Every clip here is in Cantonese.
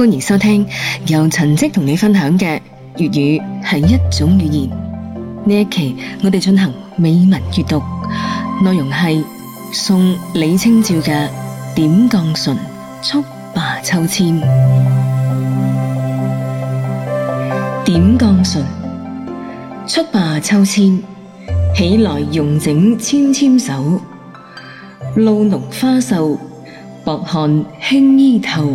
歡迎收聽，由陳迹同你分享嘅粵語係一種語言。呢一期我哋進行美文閱讀，內容係宋李清照嘅《點絳唇·蹴罷秋千》。點絳唇，蹴罷秋千，起來慵整纖纖手，露濃花瘦，薄汗輕衣透。.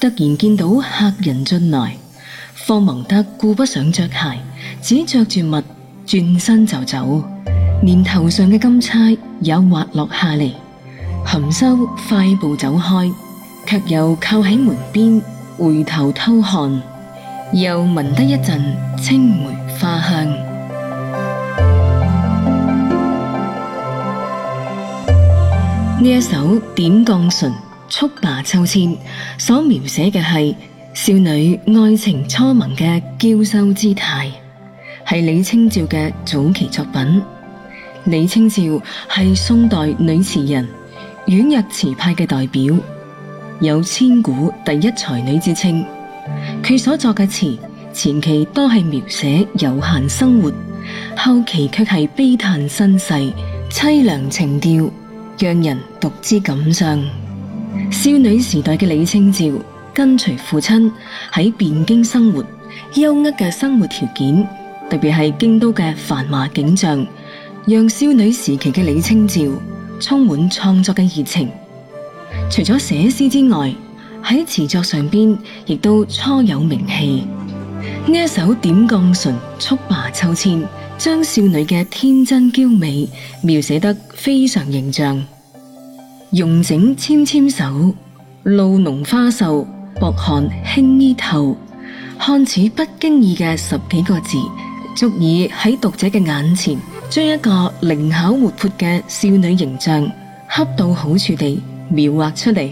突然見到客人進來，慌忙顧不上著鞋，只著住襪，轉身就走，連頭上嘅金釵也滑落下嚟。含羞快步走開，卻又靠喺門邊回頭偷看，又聞得一陣青梅花香。呢一首點絳唇。《蹴罷秋千》所描寫嘅係少女愛情初萌嘅嬌羞姿態，係李清照嘅早期作品。李清照係宋代女詞人，婉約詞派嘅代表，有千古第一才女之稱。佢所作嘅詞前期多係描寫悠閒生活，後期卻係悲嘆身世、淒涼情調，讓人讀之感傷。少女時代嘅李清照跟隨父親喺汴京生活，優渥嘅生活條件，特別係京都嘅繁華景象，讓少女時期嘅李清照充滿創作嘅熱情。除咗寫詩之外，喺詞作上邊亦都初有名氣。呢一首點《點絳唇·蹴罷秋千》，將少女嘅天真嬌美描寫得非常形象。容整纖纖手，露濃花瘦，薄汗輕衣透。看似不經意嘅十幾個字，足以喺讀者嘅眼前，將一個靈巧活潑嘅少女形象恰到好處地描畫出嚟。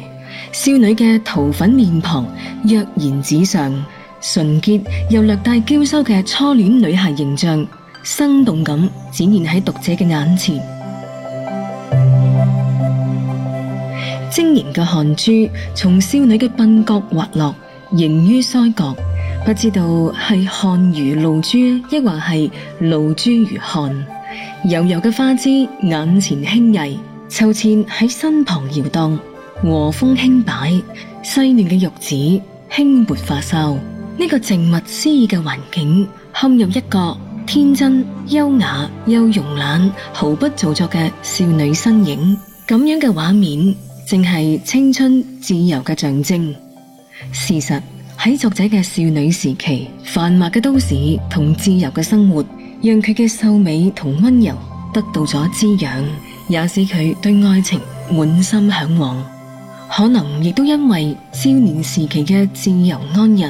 少女嘅桃粉面龐，躍然紙上，純潔又略帶嬌羞嘅初戀女孩形象，生動咁展現喺讀者嘅眼前。晶瑩嘅汗珠從少女嘅鬢角滑落，凝於腮角，不知道係汗如露珠，抑或係露珠如汗。柔柔嘅花枝眼前輕曳，秋千喺身旁搖蕩，和風輕擺，細嫩嘅玉指輕撥髮梢。呢、這個靜物詩意嘅環境，陷入一個天真、優雅、又慵懶，毫不造作嘅少女身影。咁樣嘅畫面。正係青春自由嘅象徵。事實，喺作者嘅少女時期，繁華嘅都市同自由嘅生活，讓佢嘅秀美同温柔得到咗滋養，也使佢對愛情滿心向往。可能亦都因為少年時期嘅自由安逸，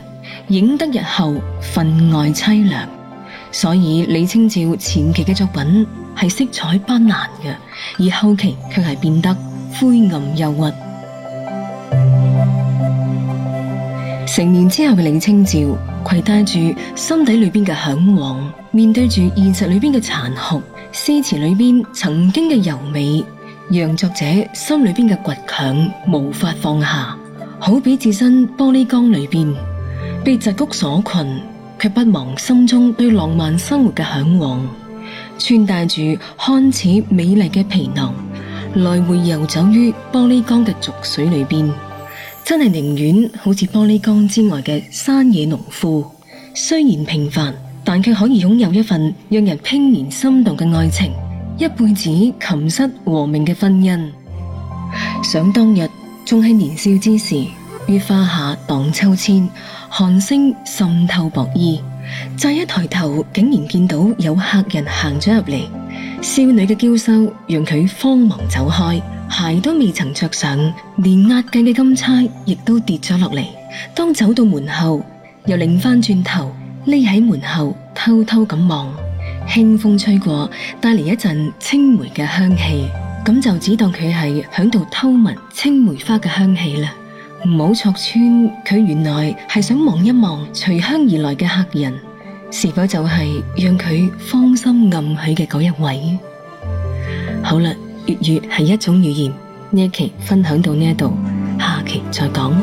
影得日後分外淒涼。所以李清照前期嘅作品係色彩斑斕嘅，而後期卻係變得。灰暗憂鬱，成年之後嘅李清照，攜帶住心底裏邊嘅向往，面對住現實裏邊嘅殘酷，詩詞裏邊曾經嘅柔美，讓作者心裏邊嘅倔強無法放下，好比置身玻璃缸裏邊，被桎梏所困，卻不忘心中對浪漫生活嘅向往，穿戴住看似美麗嘅皮囊。來回游走於玻璃缸嘅濁水裏邊，真係寧願好似玻璃缸之外嘅山野農夫，雖然平凡，但卻可以擁有一份讓人怦然心動嘅愛情，一輩子琴瑟和鳴嘅婚姻。想當日仲係年少之時，於花下盪秋千，寒聲滲透薄衣，乍一抬頭竟然見到有客人行咗入嚟。少女嘅嬌羞讓佢慌忙走開，鞋都未曾着上，連壓髻嘅金釵亦都跌咗落嚟。當走到門後，又擰翻轉頭，匿喺門後偷偷咁望。輕風吹過，帶嚟一陣青梅嘅香氣，咁就只當佢係響度偷聞青梅花嘅香氣啦。唔好戳穿，佢原來係想望一望隨香而來嘅客人。是否就係讓佢芳心暗許嘅嗰一位？好啦，粵語係一種語言，呢一期分享到呢一度，下期再講。